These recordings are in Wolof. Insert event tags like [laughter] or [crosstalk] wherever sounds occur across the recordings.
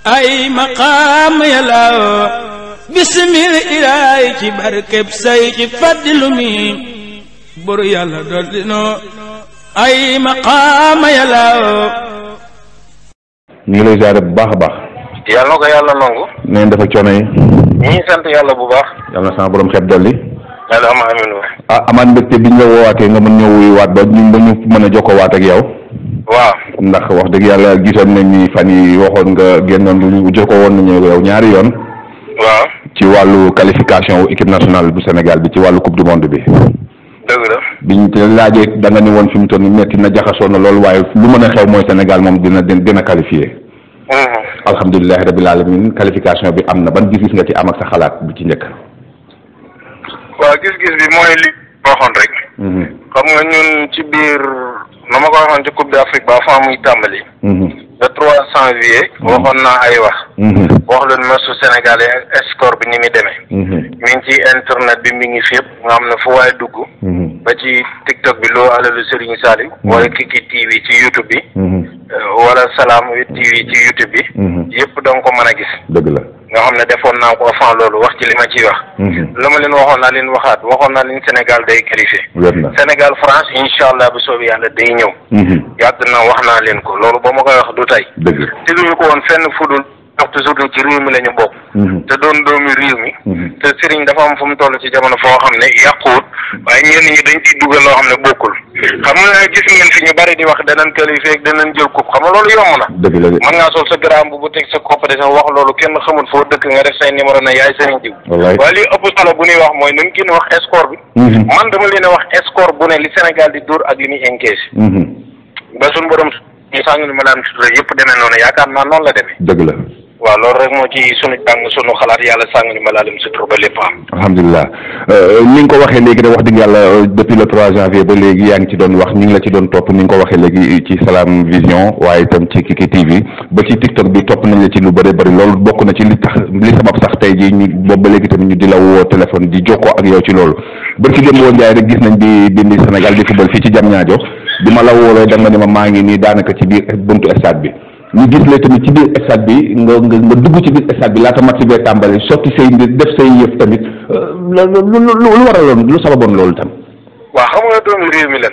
ay maqaam yàllaaw bisimil ilaay ci barkeb say ci fàddilu mi yàlla dool dinoo ay maqaam yàllaaw ñu ngi lay ziare bu baax a baax yàlla na yàlla nangu neen dafa coono yi ñu ngi sant yàlla bu baax yàlla na sama borom xeb dolli yàlla ama amin wa ah amaat mbégte bi ñu la woowaatee nga mën ñëw wuyu waat ba ñu mën a jokkoo waat ak yow waaw ndax wax dëgg yàlla gisoon nañ ni fan yi waxoon nga génnoon lu jokkoo woon nañu yow ñaari yoon. waaw ci wàllu qualification wu équipe nationale bu Sénégal bi ci wàllu coupe du monde bi. dëgg la biñ te laajee da nga ni woon fi mu toll nii metti na jaxasoon na loolu waaye lu mën a xew mooy Sénégal moom dina dina qualifié. Mm-hmm. alhamdulilah rabil alamin qualification bi am na ban gis-gis nga ci am ak sa xalaat bi ci njëkk. waaw gis-gis bi mooy li waxoon rek. Mm-hmm. xam nga ñun nu ma ko waxoon ci coupe d'Afrique ba fa muy tàmbali. Mhm. le trois janvier mhm. waxoon naa ay wax. Mhm. wax leen ma su Sénégal score bi ni muy deme mi ngi ci internet bi mi ngi fi yëpp am xam fu waay dugg. ba ci TikTok bi loo alalu Serigne Saliou. wala Kiki TV ci YouTube bi. wala Salam TV ci YouTube bi. Mhm. yëpp da ko mën a gis. dëgg la nga xam ne defoon naa ko avant loolu wax ci li ma ciy wax. Mhm. la ma leen waxoon naa leen waxaat waxoon naa leen Sénégal day qualifié. Sénégal France incha allah bu soobee yàlla day ñëw. Mhm. yàgg na wax naa leen ko loolu ba ma koy wax du tey. dëgg la te ko woon fenn fudul. ndax toujours ni ci réew mi la ñu bokk mhm. te doon doomi réew mi mhm. te sëriñ dafa am fu mu toll ci jamono foo xam ne yàquwut mhm. waaye ñenn ñi dañ ciy dugal loo xam ne bokkul xam nga gis ngeen fi ñu bari di wax danañ qualifié danañ jël coupe xam nga loolu yomb na mën ngaa sol sa garaam bu bu teg sa coppade sax wax loolu kenn xamul foo dëkk nga def say numéro na yaay sëriñ jiw waaye li ëpp solo bu ñuy wax mooy nañ gën a wax score bi man dama leen a wax score bu ne li Sénégal di dóor ak li muy encaissé ba suñu borom ñu sàngul ma laan sutura yëpp demee noonu yaakaar naa noonu la demee waaw loolu rek moo ci sunu jàng sunu xalaat yàlla sàng ma laa lim sutur ba lépp am. alhamdulilah euh, euh, ni nga ko waxee léegi de wax dëgg yàlla euh, depuis le 3 janvier ba léegi yaa ngi ci doon wax ñu ngi la ci doon topp ni nga ko waxee léegi ci Salam Vision waaye itam ci Kiki TV ba ci TikTok bi topp nañ la ci lu bëri bëri loolu bokk na ci li tax li sabab sax tey jii ñu boobu ba léegi tamit ñu di la woo téléphone di jokkoo ak yow ci loolu bër ci démb woon Ndiaye rek gis nañ bi bindi Sénégal di football fii ci Diamniadio bi ma la wooloo da nga ne ma maa ngi nii daanaka ci biir buntu stade bi ñu gis la tamit ci biir stade bi nga nga nga dugg ci biir stade bi laata match bee tàmbali sotti say mbir def say yëf tamit euh, lu lu lu waraloon lu sababoon loolu tam. waaw xam nga doomi réew mi lan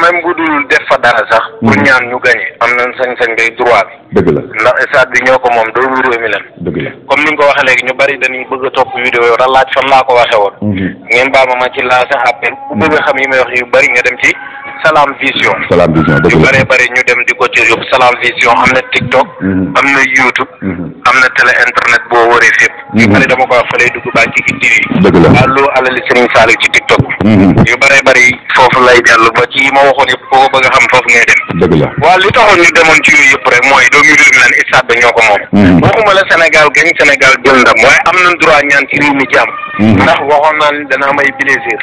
même bu dul def fa dara sax pour mhm. ñaan ñu gagné am nañ sañ-sañ ngay droit bi dëgg la ndax stade bi ñoo ko moom doomi réew mi lan dëgg la comme ni nga ko waxee léegi ñu bari dañuy bëgg a topp vidéo yow ko waxee woon mhm. ngeen baal ma a mhm. may wax yu bari nga dem ci Salam Vision Salam Vision la yu bëree bëri ñu dem di ko ci yóbbu Salam Vision am na TikTok am na YouTube am na télé internet boo wëree fépp yu bëri dama ko wax fa lay dugg baa ci ki TV dëgg la wàllu alali Serigne Saliou ci TikTok bare bari foofu lay dellu ba ci ma waxoon yëpp koo bëgg a xam foofu ngay dem. dëgg la waaw li taxoon ñu demoon ci yooyu yëpp rek mooy doomu réew mi naan stade ba ñoo ko moom. Mm-hmm. waxuma la Sénégal gañ Sénégal jël ndam waaye am nañ droit ñaan ci réew jàmm. Mm-hmm. ndax waxoon naa dana may plaisir.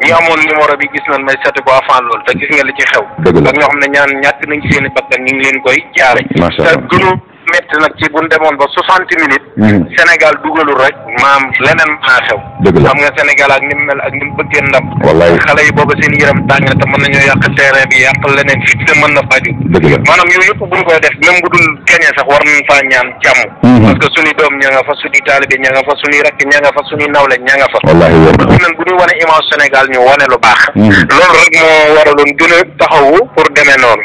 ñi amoon numéro bi gis nañ may sati ko avant loolu te gis nga li ci xew. dëgg la ak ñoo xam ne ñaan ñàkk nañ ci seen i bakkan ñu ngi leen koy jaare. macha métti nag ci bu ñu demoon ba soixante minutes. Hmm. Sénégal dugalul rek maam leneen maa xew. xam nga Sénégal ak ni mu mel ak ni mu bëggee ndam. wallaay xale yi booba seen yaram tàng na te mën nañoo yàq terrain bi yàq leneen fii te mën na faju. dëgg la maanaam yooyu yëpp bu ñu koy def même bu dul gañee sax war nañ faa ñaan jàmm. Hmm. parce que suñuy doom ña nga fa suñuy taalibe ña nga fa suñuy rakk ña nga fa suñuy nawle ña fa. wallaahi wóor bu ñu wane image Sénégal ñu wane lu ba hmm. loolu rek moo waraloon gën a taxawu pour demee noonu.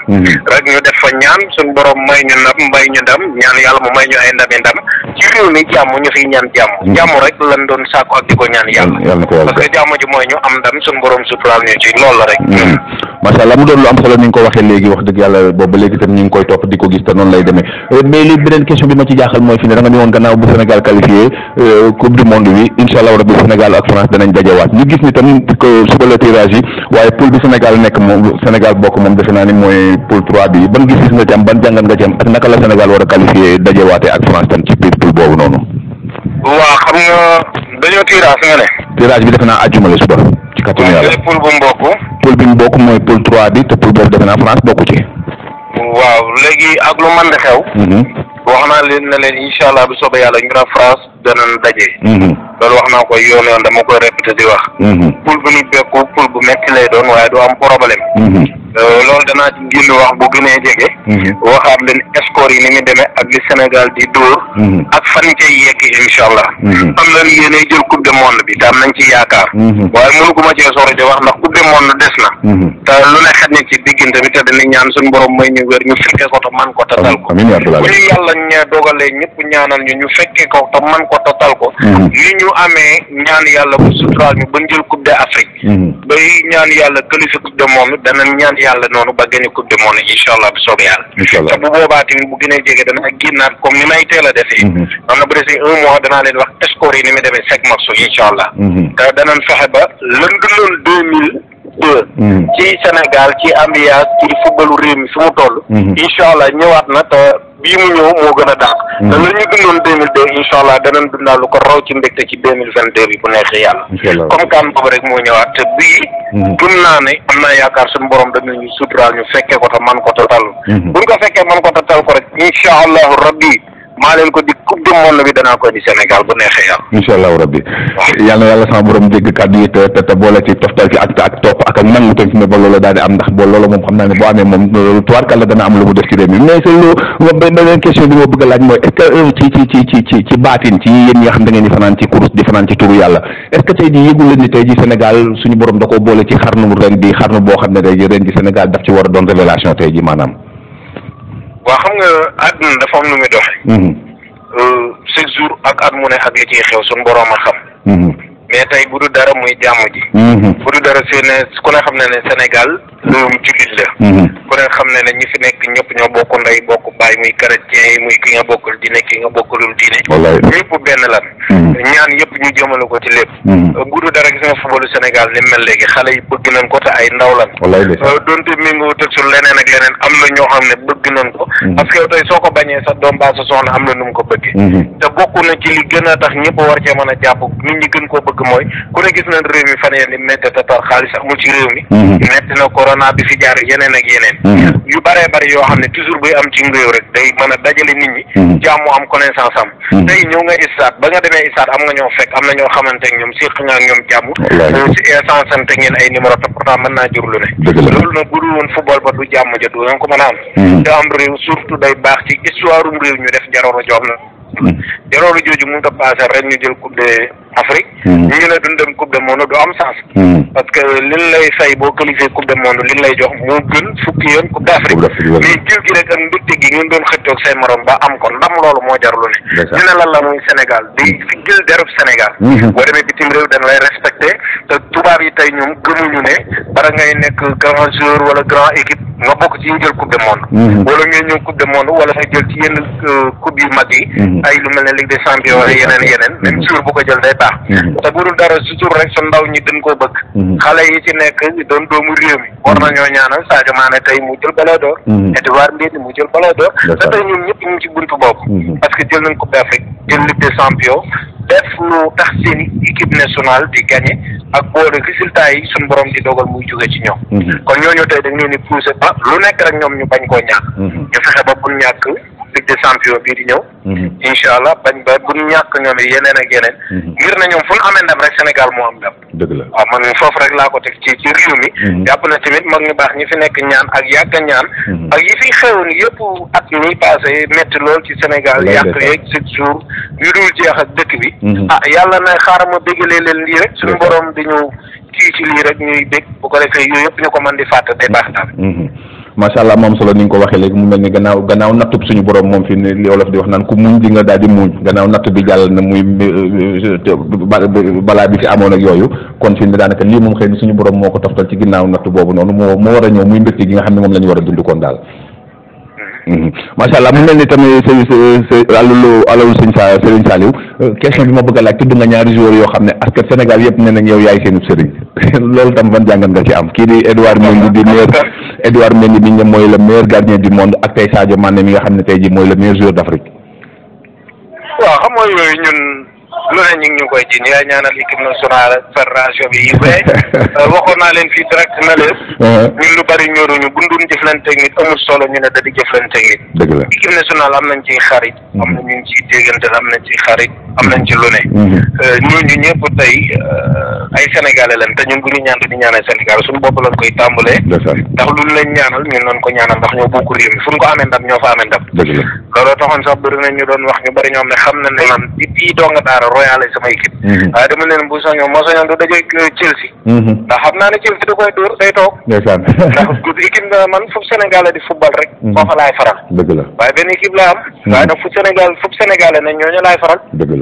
rek ñu def fa ñaan suñu borom may ñu ñu ñaan yàlla mu may ñu ay ndami ndam ci réew mi jàmm ñu fiy ñaan jàmm mm-hmm. jàmm rek lan doon sàkku ak di ko ñaan yàlla mm-hmm. mooy ñu am ndam suñu borom suturaal ñu ci loolu la rek mm-hmm. macha allah mu doon lu am solo ni nga ko waxee euh, beneen question bi ma ci jaaxal mooy fi ne da ni woon gannaaw bu Sénégal qualifié euh, coupe du monde bi incha allah rabbi Sénégal ak France danañ dajewaat ñu gis ni tam suba la tirage yi waaye poule bi Sénégal nekk moom Sénégal bokk moom defe naa ni mooy poule 3 bi ban a qualifié dajewaatee ak France tam ci biir poule boobu noonu. waaw xam nga dañoo tirage nga ne. tirage bi defe naa àjjuma la suba. ci kàttanu yàlla waaw poule bu mu bokk. poule bi mu bokk mooy poule 3 bi te poule boobu defe naa France bokku ci. waaw léegi ak lu mën di xew. Mhm. wax naa leen na leen incha allah bu soobee yàlla ñu ne France danañ daje. Mhm. loolu wax naa ko yoon yoon dama koy répété di wax. Mhm. poul bu ñu bekku poul bu métti lay doon waaye du am problème. Mhm. Euh, loolu danaa ci génn wax bu gënee jege. waxaat leen score yi ni muy demee ak li Sénégal di dóor. ak fan cay yegg incha allah. am na yéenay jël coupe de monde bi te am nañ ci yaakaar. waaye mënu ko ma cee sori di wax ndax coupe du monde des na. te lu ne xaj na ci diggante bi te dinañ ñaan suñu borom may ñu wér ñu fekkee ko te bañ ña dogalee ñëpp ñaanal ñu ñu fekkee ko te man ko total ko mm-hmm. li ñu amee ñaan yàlla bu suturaal ñu ba jël coupe d'Afrique mm-hmm. bay ñaan yàlla qualifié coupe du monde dana ñaan yàlla noonu ba gagné coupe du monde incha allah bu soobee yàlla te bu boobaa tamit bu gënee jege dana génnaat comme ni may teel a defee mm-hmm. am na bu desee un mois danaa leen wax score yi ni mu demee sec morceau incha te danañ fexe ba lëndloon deux mille deux ci Sénégal ci ambiance ci footballu réew bii mu ñëw moo gën a dàq. Hmm. te la ñu dundoon deux mille deux incha allah danañ dundaa lu ko raw ci mbégte ci deux mille vingt deux bi bu neexee yàlla. comme kan boobu rek moo ñëwaat te bii. Hmm. gëm naa ne am naa yaakaar suñu borom dañu ñu suturaal fekkee ko te man ko te tal. Hmm. buñ ko fekkee man ko te tal ko rek incha rabbi maa leen ko di coupe du monde bi danaa ko di Sénégal bu neexee yàlla. incha allahu rabbi yal na yàlla sama borom dégg kàddu yi te te boole ci toftal ci ak ak topp ak ak nangu tam fi ne ba loolu daal di am ndax boo loolu moom xam naa ne boo amee moom loolu tubaarkàlla dana am lu mu def ci réew mi mais sëñ Lo beneen question bi ma bëgg a laaj mooy est ce que euh, ci ci ci ci ci baatin ci yéen ñi nga xam da ngeen di fanaan ci kurus di fanaan ci turu yàlla est ce que tey jii yëgul leen ni tey ji Sénégal suñu borom da koo boole ci xarnu ren bi xarnu boo xam ne tey ji ren ji Sénégal daf ci war a doon révélation tey ji maanaam waa xam nga àdduna dafa am nu muy doxe mm-hmm. euh, chaque ak at mu ne ak li ciy xew suñu borom a xam. Mm-hmm. mais tey bu du dara muy jàmm ji. Mhm. bu du dara su ne ku ne xam ne ne Sénégal loolu jullit la. Mhm. ku ne xam ne ne ñi fi nekk ñëpp ñoo bokk ndey bokk baay muy chrétien yi muy ki nga bokkul diine ki nga bokkulul diine. wallaay ñëpp benn lan. Mhm. ñaan yëpp ñu jëmale ko ci lépp. Euh, bu du dara gis nga footballu Sénégal ni mel léegi xale yi bëgg nañ ko te ay ndaw lan. wallaay de euh, donte mi ngi wutag su leneen ak leneen am na ñoo xam ne bëgg nañ ko. parce que soo ko bañee sa doom baa soxna na ko bëggee. te bokk na a tax ñëpp war cee a jàpp nit ñi mooy ku ne gis nañ réew mi fan yéen ni métti tatar xaalis amul ci réew mi mhm. métti na corona bi fi jaar yeneen ak yeneen mhm. yu bëree bëri yoo xam ne toujours buy am ci réew rek day mën a dajale nit ñi mhm. jàmmu am connaissance am tey ñëw nga istaat ba nga demee istaat am nga ñoo fekk am na ñoo xamante ak ñoom siq nga ak ñoom jàmm si insensante ngeen ay numéro te pourtant mën naa jur lu ne loolu nag bu dul woon football ba du jàmm ja du nga ko mën a am réew surtout day baax ci histoire réew ñu def jarooro joom na jarooro jooju mënu ta rek ñu jël coupe Afrique. Hmm. ñu ngi la duñ dem coupe du monde du am sens. Hmm. parce que liñ lay fay boo qualifié coupe du monde liñ lay jox moo gën fukki yoon coupe d'Afrique. mais jiw gi rek ak mbégte gi ngeen doon xëccoog say morom ba am ko ndam loolu moo jar lu ne. ñu ne lan la muy Sénégal di fi hmm. jël derub Sénégal. boo demee bitim réew dañ lay respecté te tubaab yi tey ñoom gëmuñu ne bara ngay nekk grand joueur wala grand équipe nga bokk ci ñu jël coupe du monde. wala ngay ñëw coupe du monde wala jël ci yenn euh, yu mag yi. ay lu mel ne Ligue des champions wala yeneen yeneen. même ko jël day dara mhm. te bu dul dara toujours rek su ndaw ñi gën koo bëgg mhm. xale yi ci nekk doon doomu réew mi war mhm. nañoo ñaanal saa jamaane tey mu jël Ballon d'Or Edouard Mendy mu jël Ballon d'Or te tey ñoom ñëpp ñu ci buntu bopp parce que jël nañ Coupe d'Afrique jël Ligue des champions def lu tax seen équipe nationale di gagné ak boole résultat yi suñ borom di dogal muy jóge ci ñoom kon ñooñu tey dañ leen di poussé ba lu nekk rek ñoom ñu bañ koo ñàkk ñu fexe ba bu ñàkk Ligue des champions bii di ñëw. Mhm. incha allah bañ ba bu ñu ñàkk ñoom yeneen ak yeneen. Mhm. ngir na ñoom fu ñu amee ndam rek Sénégal moo am ndam. waaw man foofu rek laa ko teg ci ci réew mi. Mhm. jàpp na tamit mag ñu baax ñu fi nekk ñaan ak yàgg ñaan. ak yi fi xewoon yëpp at mi passé metti lool ci senegal yàq yeeg six jours yu dul jeex ak dëkk bi. ah yàlla na xaaral ma déggalee leen lii rek suñu borom di ñu kii ci lii rek ñuy dégg bu ko defee yooyu yëpp ñu ko man di fàtte day baax daal. macha allah moom solo ni nga ko waxee léegi mu mel ni gannaaw gannaaw nattub suñu borom moom fi li wolof di wax naan ku muñ di nga muñ gannaaw natt bi jàll na muy euh, balaa bi fi amoon ak yooyu kon fi ne daanaka lii moom xëy suñu borom moo ko toftal ci ginnaaw natt boobu noonu moo moo war a ñëw muy mbégte gi nga xam ne moom la ñu war a dund koon daal Mhm. macha allah mu mel ni tamit sëñ sëñ alalu alalu sëñ sa sëriñ Saliou question bi ma bëgg a laaj tudd nga ñaari joueurs yoo xam ne askan Sénégal yëpp ne nañ yow yaay seen sëriñ [laughs] loolu tam ban nga ci am kii di Edouard Mendy di meilleur Edouard Mendy bi ñu mooy le meilleur gardien du monde ak tey Sadio Mané mi nga xam ne tey ji mooy le meilleur joueur d'Afrique. waaw xam nga ñun. lu ne ñu ngi ñu koy ji ñu ngay ñaanal équipe nationale fédération bi yiw fee [laughs] euh, waxoon naa leen fii direct na leen uh-huh. ñun lu bari ñoruñu bu doon jëflanteeg nit amul solo ñu ne da di jëflanteeg nit équipe nationale am nañ ciy xarit mm-hmm. am na ñu ngi ciy déggante am nañ ciy xarit am na ci lu ne. Mhm. Euh, ñooñu ñëpp tey euh, ay sénégalais lañ te ñun bu ñu ñaan di ñaanal Sénégal suñu bopp lañ koy tàmbalee. ndax luñ leen ñaanal ñun noonu ko ñaanal ndax ñoo bokk réew mi fu ko amee ndam ñoo fa amee ndam. looloo taxoon sax bëri ñu doon wax ñu bëri ñoom ne xam na ne man di bii donga daara royal ay sama équipe. Mhm. waaye dama leen bu soñoon moo du dajeeg euh, Chelsea. Mhm. ndax xam naa ne Chelsea da koy dóor day toog. ndax équipe la man fu Sénégal di football rek. foofa laay faral. dëgg la waaye benn équipe laa am.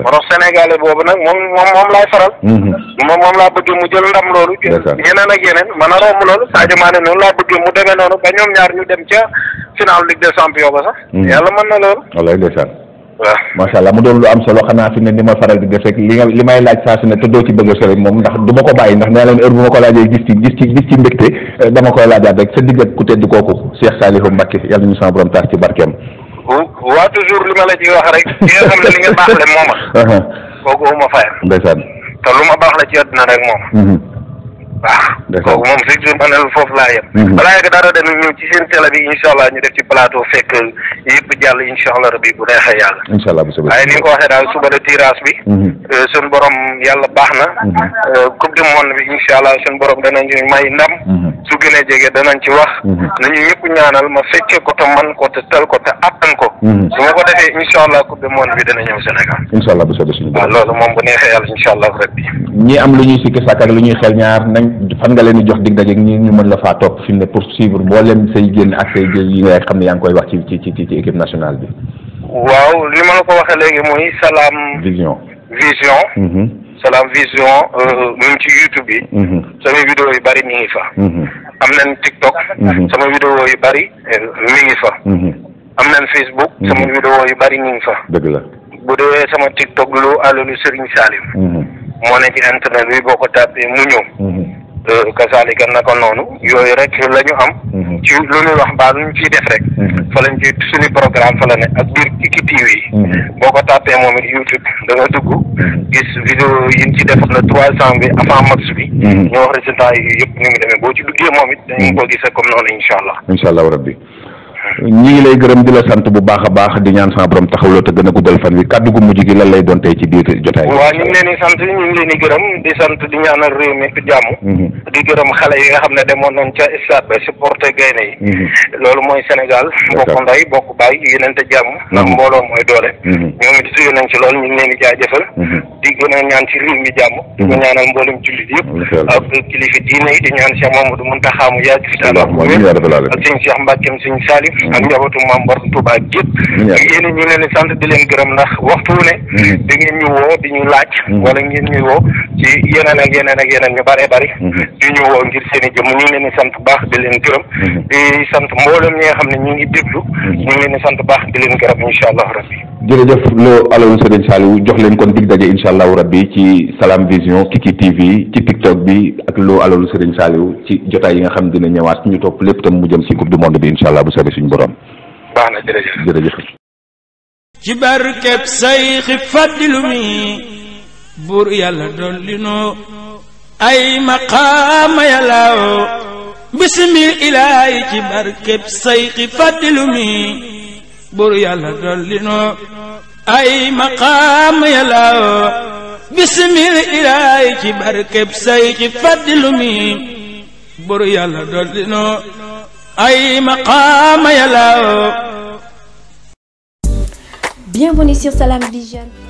moo tax boobu nag moom moom moom laay faral. Mhm. moom moom laa mu jël ndam loolu. yeneen ak yeneen mën a romb loolu Sadio Mané noonu laa bëgg mu demee noonu ba ñoom ñaar ñu dem ca final Ligue des champions ba sax. Mhm. yàlla mën na loolu. wallay ndeysaan. waaw macha allah mu doon lu am solo xanaa fi ne ni ma faral di def li may laaj saa su ne te doo ci bëgg a sori moom ndax du ma ko bàyyi ndax nee leen heure bu ma ko laajee gis ci gis ci gis ci mbégte eh, dama koy laajaat rek sa diggat ku tedd kooku waaw toujours li ma la ci wax rek li nga xam ne li nga baax le mooma [laughs] uh-huh. kooku uma fayam ndeysaan te lu ma baax la ci àdduna rek moom mm-hmm. waaw kooku moom si jour ma ne foofu laa yem mm-hmm. balaa yegg dara dañu ñëw ci seen télé bi incha allah ñu def ci palaato fekk yëpp jàll incha allah rabbi bu neexee yàlla incha allah bu waaye ni ko waxee daal suba la tirage bi mm-hmm. euh, suñ borom yàlla baax na euh, coupe du monde bi incha allah suñ borom danañu may ndam su gën a jege danañ ci wax mhm. nañu ñëpp ñaanal ma fekkee ko te man ko te tal ko te attan ko mhm. su ma ko defee incha allah coupe du monde bi dana ñëw Sénégal incha allah bu soobee suñu waaw loolu moom bu neexee yàlla incha allah ñi am lu ñuy sikki sàkk ak lu ñuy xel ñaar nañ fan nga leen jox dig daje ñi ñu mën la faa topp fi ne pour suivre mbooleem say génn ak say jël yi nga xam ne yaa ngi koy wax ci ci ci ci équipe nationale bi waaw li ma la ko waxee léegi mooy Salam Vision Vision mhm. Salam Vision euh, mu ngi ci YouTube bi. Mm-hmm. sama vidéo yu bari mi ngi fa. Mm-hmm. am nañ TikTok. Mm-hmm. sama vidéo yu bari euh, mi ngi fa. am nañ Facebook. sama vidéo yu bari mi ngi fa. dëgg la bu dee sama TikTok lu alalu Serigne Salim. moo ne ci internet bi boo ko tàppee mu ñëw. kasaalika euh, naka noonu yooyu rek la ñu am mhm. ci lu ñuy wax mbaa lu ñu ciy def rek mhm. fa lañ ci suñu programme fa la ne ak biir Kiki TV yi mhm. boo ko tàppee moom it YouTube da nga dugg gis vidéo yi ñu ci def la trois cent bi avant max bi ñu wax résultat yi yëpp ñu ngi demee boo ci duggee moom it dañu ko gisee comme noonu incha allah incha allah rabbi ñi ngi lay gërëm di la sant bu baax a baax di ñaan sama borom taxawloo te gën a guddal fan wi kàddu gu mujj gi lan lay doon tey ci biir jotaay bi. waaw ñu di sant ñu ngi leen di gërëm di sant di ñaanal réew mi jàmm. Mm-hmm. di xale yi nga xam ne demoon nañ ca stade ba supporter gaynde yi. Mm-hmm. loolu mooy Sénégal. bokk ndey bokk baay yéenante jàmm. ndax mm-hmm. mbooloo mooy doole. ñoom it suy nañ loolu ñu ngi leen di jaajëfal. di gën a ñaan ci jàmm. di ko ñaanal mboolem jullit yëpp. ak kilifa diine yi di ñaan Cheikh Mamadou Muntaxa mu yàgg fi daal ak sëñ Cheikh Mbacke sëñ Salim ak njabootu maam Borom Touba gépp yéen ñu leen di sant di leen gërëm ndax waxtu wu ne mm-hmm. di ngeen ñu woo di ñu laaj mm-hmm. wala ngeen ñu woo ci yeneen ak yeneen ak yeneen ñu bare bari mm-hmm. di ñu woo ngir seen i jëm ñu ngi leen di sant bu baax di leen gërëm di sant mboolem ñi nga xam ne ñu ngi déglu ñu ngi leen sant baax di leen gërëm incha allah rabbi jërëjëf loo alalu sëriñ Saliou jox leen kon dig daje incha allahu rabbi ci Salam Vision Kiki TV ci TikTok bi ak loo alalu sëriñ Saliou ci jotaay yi nga xam dina ñëwaat ñu topp lépp tam mu jëm ci coupe du monde bi incha allah bu sori suñu borom. baax na jërëjëf jërëjëf. ci barkeb sayxi fàddilu buur yàlla dolli noo ay maqaama yàllaaw bismil ilaahi ci barkeb sayxi fàddilu buru yàlla dolli noo ay maqaam yàlla bisimil ilaay ci barkeb say ci faddilu mi buru yàlla dolli noo ay maqaam yàlla Bienvenue